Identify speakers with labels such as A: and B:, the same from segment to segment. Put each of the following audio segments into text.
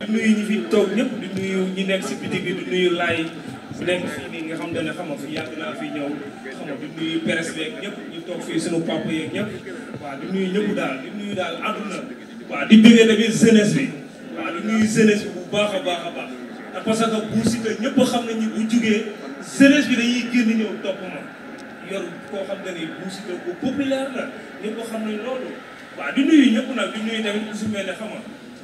A: di nuyu ñi fi toog ñëpp di nuyu ñi nekk si biti bi di nuyu laay bu fii nii nga xam ne xam nga fi yàgg naa fi ñëw di nuyu presse beeg ñëpp ñu toog fii suñu papa yeeg ñëpp waaw di nuyu ñëpp daal di nuyu daal àdduna waaw di bëggee tamit jeunesse bi di nuyu jeunesse bi bu baax a baax a baax parce que bu ñëpp xam nañu bu jugee jeunesse bi dañuy génn ñëw topp ma yor koo xam ne nii Bou Siteu bu populaire la ñëpp xam nañ loolu waaw du nuyu ñëpp nag di nuyu tamit ku si mel ne xam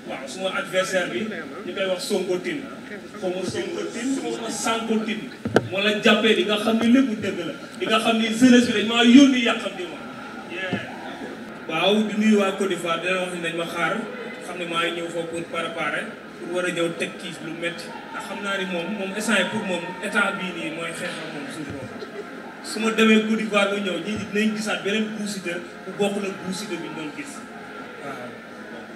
A: waaw suma adversaire bi ñu koy wax Sonkotin xaw ma Sonkotin xaw ma Sankotin moo la jàppee di nga xam ni lépp dëgg la di nga xam ni jeunesse bi dañ maa yónni di nuyu waa Côte d'Ivoire dina wax xaar xam ne maa ngi ñëw foofu pour war a ñëw teg kii lu métti xam naa ni moom moom instant pour moom état bii nii mooy xeexal moom suuf boobu su ma demee Côte d'Ivoire ba ñëw ñii dinañ gisaat beneen Bou Siteu bu bokkul ak Bou bi ñu doon gis waaw.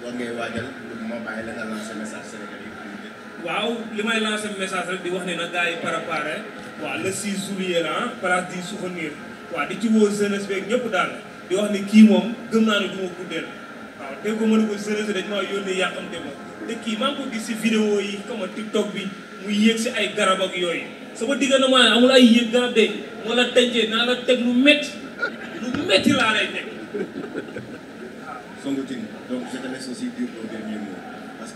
A: war ngay waajal moo bàyyi la nga lancé message Sénégalais yi. waaw li may lancer message rek di wax ne na gars yi préparé waaw le 6 juillet la place du souvenir waaw di ci woo jeunesse beeg ñëpp daal di wax ne kii moom gëm naa ne du ma guddeel. waaw dégg ko mën ko sërësi dañ maa yónnee yàqamte ma te kii maa ngi ko gis si vidéo yi comme TikTok bi muy yéeg si ay garab ak yooyu sama digga na maa amul ay yéeg garab de moo la dencee naa la teg lu métti lu métti
B: laa lay teg waaw Songo Tine donc je te laisse aussi que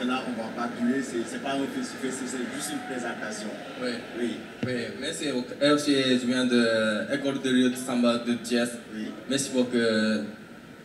B: là on va merci beaucoup eh, je de école de rue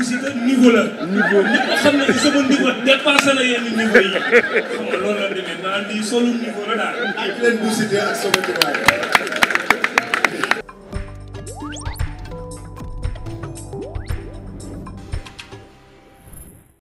A: Bou Siteu niveau la. niveau ñëpp xam nañu sama niveau dépassé na yenn niveau yi. loolu la demee maanaam lii solo niveau la daal.
B: ak leen Bou Siteu ak sama